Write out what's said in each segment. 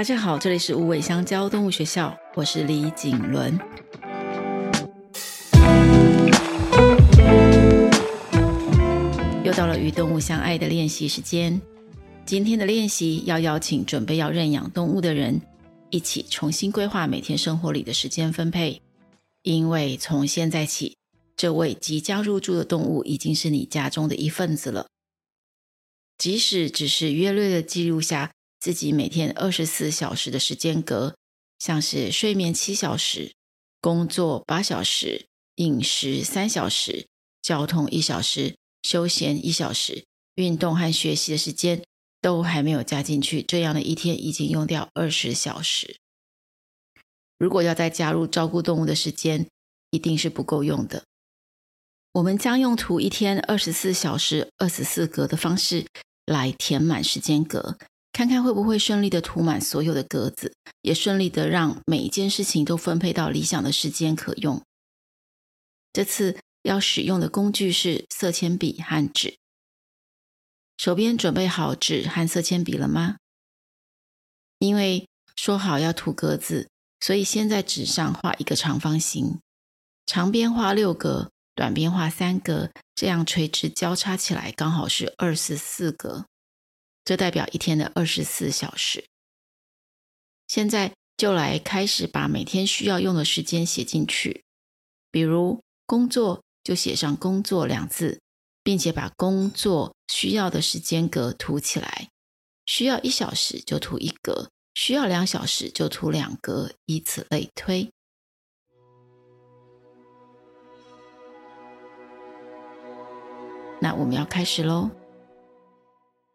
大家好，這裡是無尾香蕉動物學校，我是李瑾倫。又到了與動物相愛的練習時間。今天的練習要邀請準備要認養動物的人一起重新規劃每天生活裡的時間分配，因為從現在起，這位即將入住的動物已經是你家中的一份子了。即使只是約略的記錄下。自己每天二十四小時的時間格，像是睡眠七小時、工作八小時、飲食三小時、交通一小時、休閒一小時、運動和學習的時間都還沒有加進去，這樣的一天已經用掉二十小時。如果要再加入照顧動物的時間，一定是不夠用的。我們將用塗一天二十四小時二十四格的方式來填滿時間格。看看會不會順利的塗滿所有的格子，也順利的讓每一件事情都分配到理想的時間可用。這次要使用的工具是色鉛筆和紙。手邊準備好紙和色鉛筆了嗎？因為說好要塗格子，所以先在紙上畫一個長方形，長邊畫六格，短邊畫三格，這樣垂直交叉起來剛好是二十四格。這代表一天的二十四小時。現在就來開始把每天需要用的時間寫進去，比如工作就寫上“工作”兩字，並且把工作需要的時間格塗起來。需要一小時就塗一格，需要兩小時就塗兩格，以此類推。那我們要開始嘍。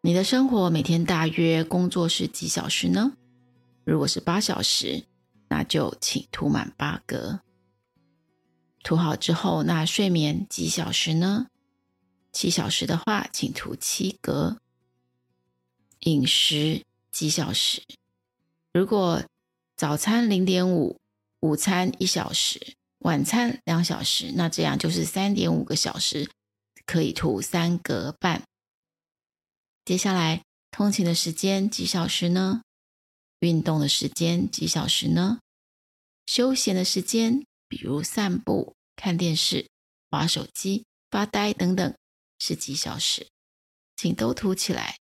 你的生活每天大約工作是幾小時呢？如果是八小時，那就請塗滿八格。塗好之後，那睡眠幾小時呢？七小時的話，請塗七格。飲食幾小時？如果早餐零點五，午餐一小時，晚餐兩小時，那這樣就是三點五個小時，可以塗三格半。接下來，通勤的時間幾小時呢？運動的時間幾小時呢？休閒的時間，比如散步、看電視、滑手機、發呆等等，是幾小時？請都塗起來。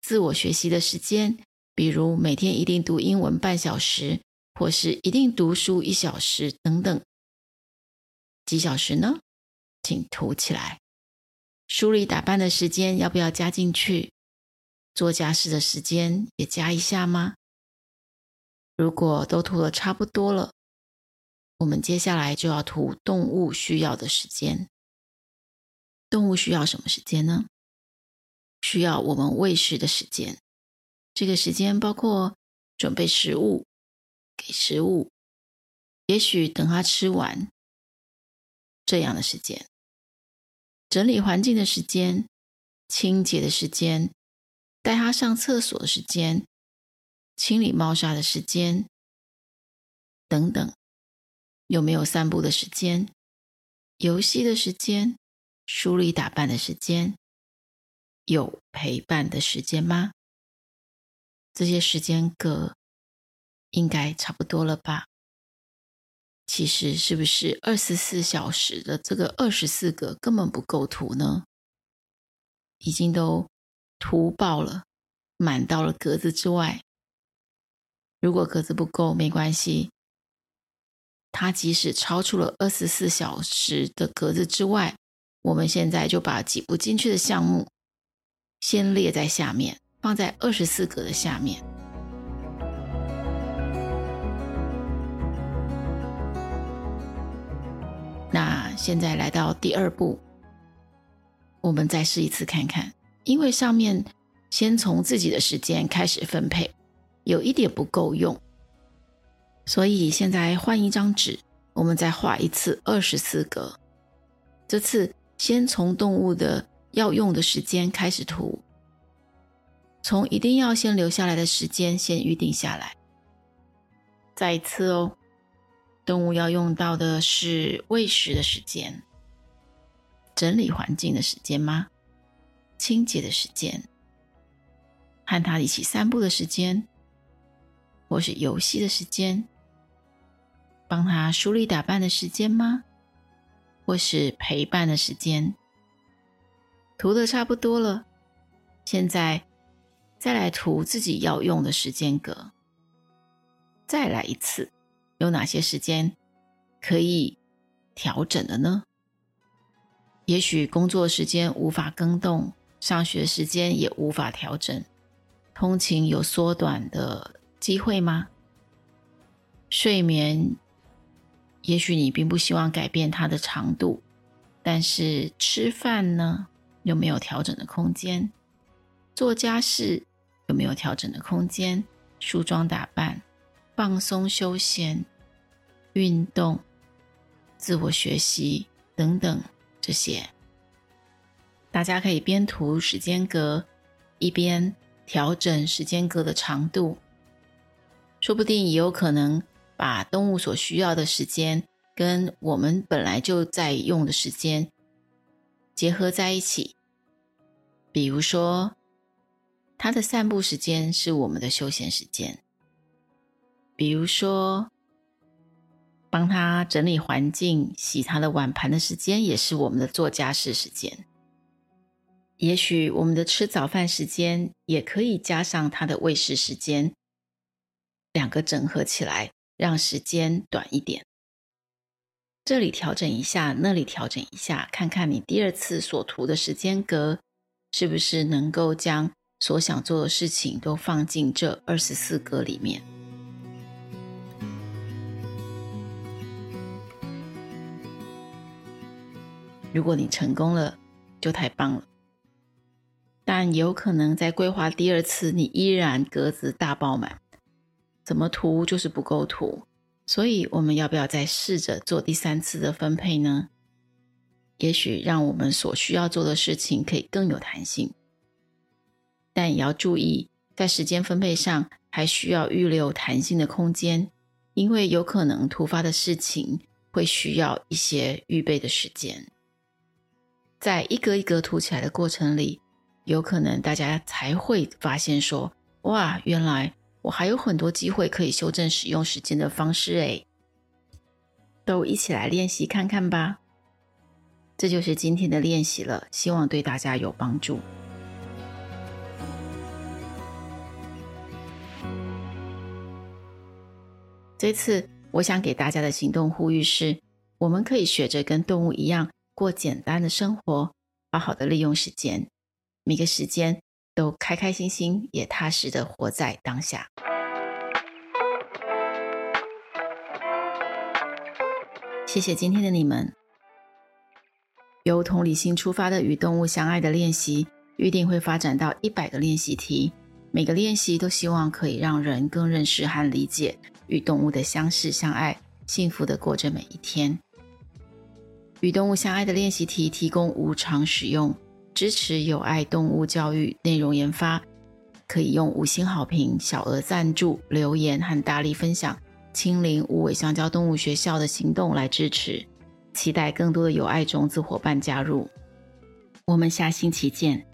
自我學習的時間，比如每天一定讀英文半小時，或是一定讀書一小時等等，幾小時呢？請塗起來。梳理打扮的時間要不要加進去？做家事的時間也加一下嗎？如果都塗得差不多了，我們接下來就要塗動物需要的時間。動物需要什麼時間呢？需要我們餵食的時間。這個時間包括準備食物、給食物，也許等它吃完，這樣的時間。整理環境的時間、清潔的時間、帶它上廁所的時間、清理貓砂的時間等等，有沒有散步的時間、遊戲的時間、梳理打扮的時間？有陪伴的時間嗎？這些時間格應該差不多了吧？其實是不是二十四小時的這個二十四格根本不夠塗呢？已經都塗爆了，滿到了格子之外。如果格子不夠沒關係，它即使超出了二十四小時的格子之外，我們現在就把擠不進去的項目先列在下面，放在二十四格的下面。現在來到第二步，我們再試一次看看，因為上面先從自己的時間開始分配，有一點不夠用，所以現在換一張紙，我們再畫一次二十四格，這次先從動物的要用的時間開始塗，從一定要先留下來的時間先預定下來，再一次哦。動物要用到的是餵食的時間、整理環境的時間嗎？清潔的時間、和他一起散步的時間，或是遊戲的時間，幫他梳理打扮的時間嗎？或是陪伴的時間？塗的差不多了，現在，再來塗自己要用的時間格。再來一次。有哪些時間可以調整的呢？也許工作時間無法更動，上學時間也無法調整，通勤有縮短的機會嗎？睡眠也許你並不希望改變它的長度，但是吃飯呢，有沒有調整的空間？做家事有沒有調整的空間？梳妝打扮？放鬆、休閒、運動、自我學習等等，這些。大家可以邊塗時間格，一邊調整時間格的長度。說不定也有可能把動物所需要的時間跟我們本來就在用的時間結合在一起。比如說，它的散步時間是我們的休閒時間。比如說，幫他整理環境、洗他的碗盤的時間，也是我們的做家事時間。也許我們的吃早飯時間也可以加上他的餵食時間，兩個整合起來，讓時間短一點。這裡調整一下，那裡調整一下，看看你第二次所塗的時間格，是不是能夠將所想做的事情都放進這二十四格裡面。如果你成功了，就太棒了。但有可能在規劃第二次，你依然格子大爆滿，怎麼塗就是不夠塗。所以我們要不要再試着做第三次的分配呢？也許讓我們所需要做的事情可以更有彈性。但也要注意，在時間分配上還需要預留彈性的空間，因為有可能突發的事情會需要一些預備的時間。在一格一格塗起來的過程裡，有可能大家才會發現說：“哇，原來我還有很多機會可以修正使用時間的方式。”欸，都一起來練習看看吧。這就是今天的練習了，希望對大家有幫助。這次我想給大家的行動呼籲是：我們可以學着跟動物一樣。過簡單的生活，好好的利用時間，每個時間都開開心心，也踏實的活在當下。謝謝今天的你們。由同理心出發的與動物相愛的練習，預定會發展到一百個練習題，每個練習都希望可以讓人更認識和理解與動物的相識相愛，幸福的過着每一天。與動物相愛的練習題提供無償使用，支持有愛動物教育內容研發，可以用五星好評、小額贊助、留言和大力分享，親臨無尾香蕉動物學校的行動來支持。期待更多的有愛種子夥伴加入，我們下星期見。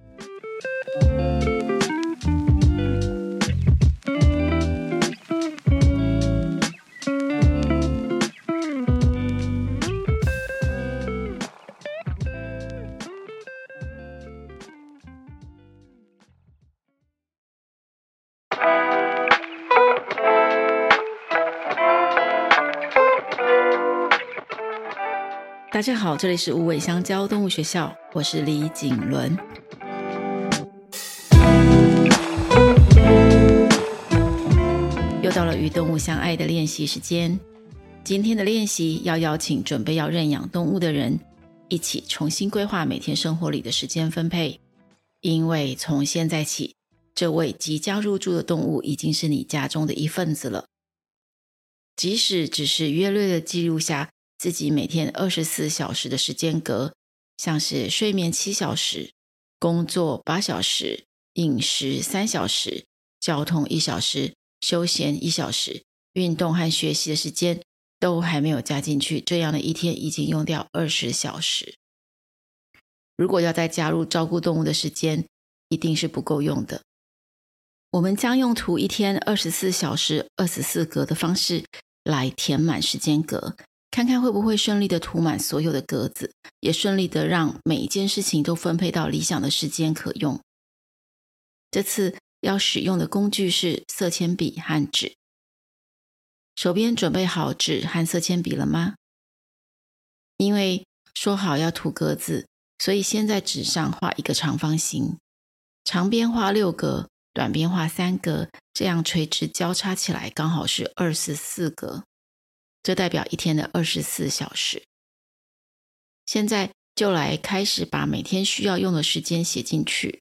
大家好，這裡是無尾香蕉動物學校，我是李瑾倫。又到了與動物相愛的練習時間。今天的練習要邀請準備要認養動物的人，一起重新規劃每天生活裡的時間分配，因為從現在起，這位即將入住的動物已經是你家中的一份子了。即使只是約略的記錄下自己每天二十四小時的時間格，像是睡眠七小時、工作八小時、飲食三小時、交通一小時、休閒一小時、運動和學習的時間都還沒有加進去，這樣的一天已經用掉二十小時。如果要再加入照顧動物的時間，一定是不夠用的。我們將用塗一天二十四小時二十四格的方式來填滿時間格，看看會不會順利的塗滿所有的格子，也順利的讓每一件事情都分配到理想的時間可用。這次要使用的工具是色鉛筆和紙，手邊準備好紙和色鉛筆了嗎？因為說好要塗格子，所以先在紙上畫一個長方形，長邊畫六格。短邊畫三格，這樣垂直交叉起來剛好是二十四格，這代表一天的二十四小時。現在就來開始把每天需要用的時間寫進去，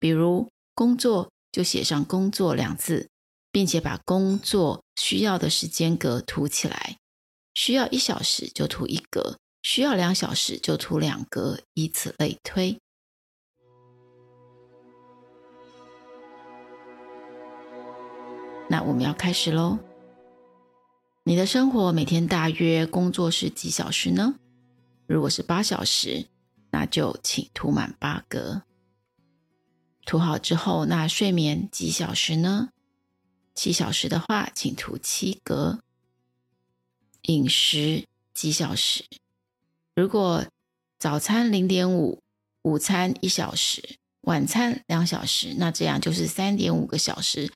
比如工作就寫上“工作”兩字，並且把工作需要的時間格塗起來。需要一小時就塗一格，需要兩小時就塗兩格，以此類推。那我們要開始嘍。你的生活每天大約工作是幾小時呢？如果是八小時，那就請塗滿八格。塗好之後，那睡眠幾小時呢？七小時的話，請塗七格。飲食幾小時？如果早餐零點五，午餐一小時，晚餐兩小時，那這樣就是三點五個小時。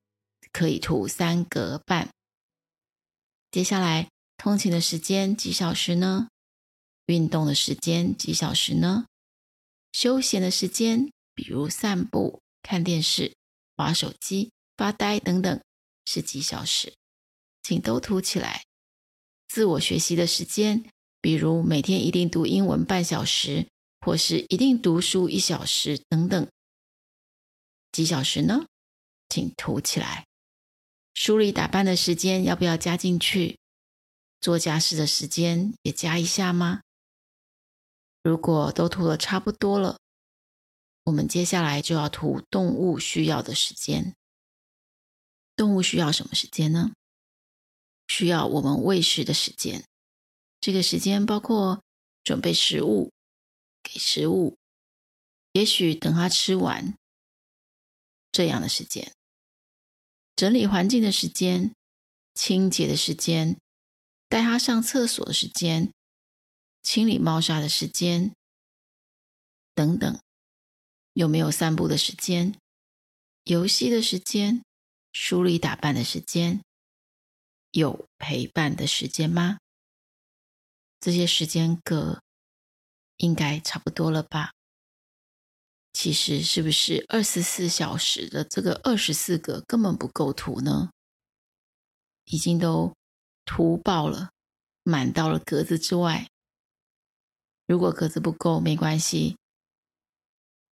可以塗三格半。接下來，通勤的時間幾小時呢？運動的時間幾小時呢？休閒的時間，比如散步、看電視、玩手機、發呆等等，是幾小時？請都塗起來。自我學習的時間，比如每天一定讀英文半小時，或是一定讀書一小時等等，幾小時呢？請塗起來。梳理打扮的時間要不要加進去？做家事的時間也加一下嗎？如果都塗得差不多了，我們接下來就要塗動物需要的時間。動物需要什麼時間呢？需要我們餵食的時間。這個時間包括準備食物、給食物，也許等它吃完，這樣的時間。整理環境的時間，清潔的時間，帶他上廁所的時間，清理貓砂的時間，等等，有沒有散步的時間，遊戲的時間，梳理打扮的時間，有陪伴的時間嗎？這些時間格應該差不多了吧？其實是不是二十四小時的這個二十四格根本不夠塗呢？已經都塗爆了，滿到了格子之外。如果格子不夠沒關係，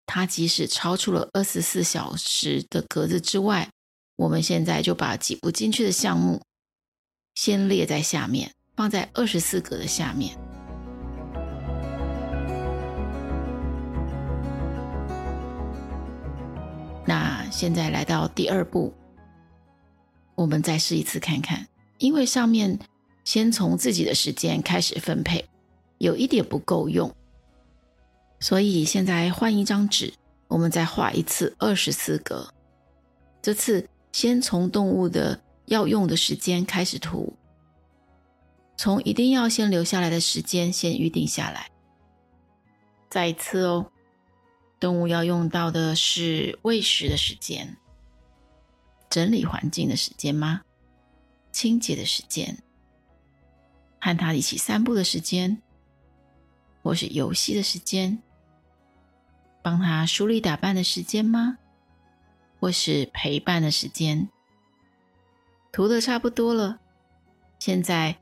它即使超出了二十四小時的格子之外，我們現在就把擠不進去的項目先列在下面，放在二十四格的下面。現在來到第二步，我們再試一次看看，因為上面先從自己的時間開始分配，有一點不夠用，所以現在換一張紙，我們再畫一次二十四格，這次先從動物的要用的時間開始塗，從一定要先留下來的時間先預定下來，再一次哦。動物要用到的是餵食的時間、整理環境的時間嗎？清潔的時間、和他一起散步的時間，或是遊戲的時間，幫他梳理打扮的時間嗎？或是陪伴的時間。塗的差不多了，現在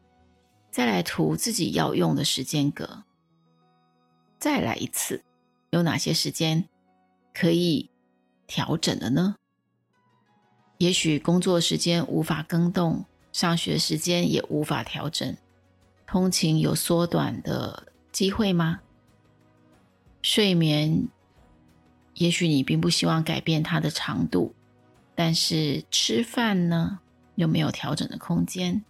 再來塗自己要用的時間格。再來一次。有哪些時間可以調整的呢？也許工作時間無法更動，上學時間也無法調整，通勤有縮短的機會嗎？睡眠也許你並不希望改變它的長度，但是吃飯呢，有沒有調整的空間？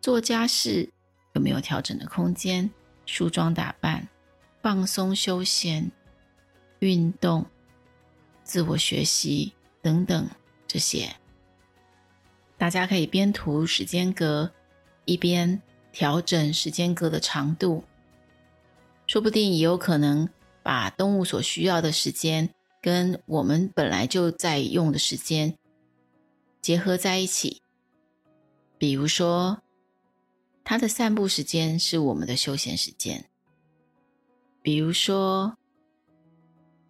做家事有沒有調整的空間？梳妝打扮？放鬆、休閒、運動、自我學習等等，這些大家可以邊塗時間格，一邊調整時間格的長度。說不定也有可能把動物所需要的時間跟我們本來就在用的時間結合在一起。比如說，它的散步時間是我們的休閒時間。比如說，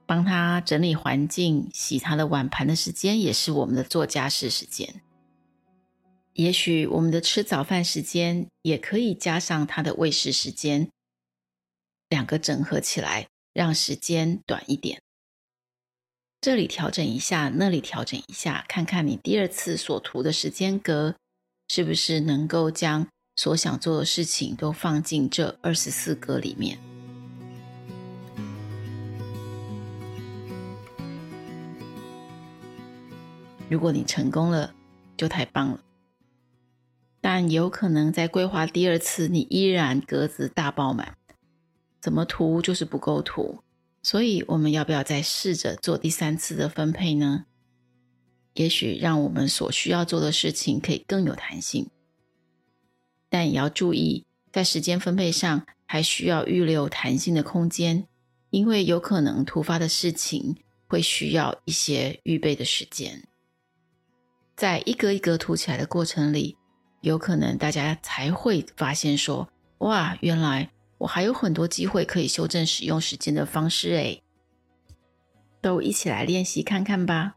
幫他整理環境、洗他的碗盤的時間，也是我們的做家事時間。也許我們的吃早飯時間也可以加上他的餵食時間，兩個整合起來，讓時間短一點。這裡調整一下，那裡調整一下，看看你第二次所塗的時間格，是不是能夠將所想做的事情都放進這二十四格裡面？如果你成功了，就太棒了。但有可能在規劃第二次，你依然格子大爆滿，怎麼塗就是不夠塗。所以我們要不要再試着做第三次的分配呢？也許讓我們所需要做的事情可以更有彈性。但也要注意，在時間分配上還需要預留彈性的空間，因為有可能突發的事情會需要一些預備的時間。在一格一格塗起來的過程裡，有可能大家才會發現說：“哇，原來我還有很多機會可以修正使用時間的方式。”欸。都一起來練習看看吧。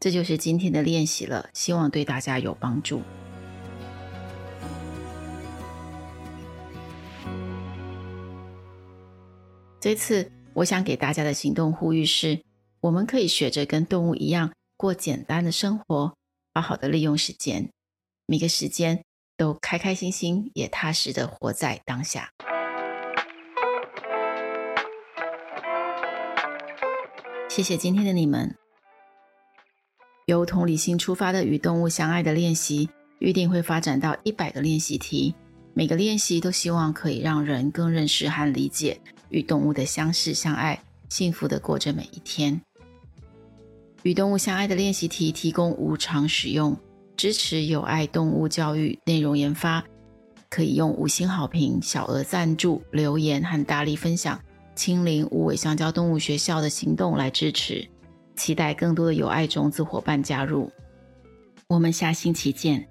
這就是今天的練習了，希望對大家有幫助。這次我想給大家的行動呼籲是：我們可以學着跟動物一樣。過簡單的生活，好好的利用時間，每個時間都開開心心，也踏實的活在當下。謝謝今天的你們。由同理心出發的與動物相愛的練習，預定會發展到一百個練習題，每個練習都希望可以讓人更認識和理解與動物的相識相愛，幸福的過着每一天。與動物相愛的練習題提供無償使用，支持有愛動物教育內容研發，可以用五星好評、小額贊助、留言和大力分享，親臨無尾香蕉動物學校的行動來支持。期待更多的有愛種子夥伴加入，我們下星期見。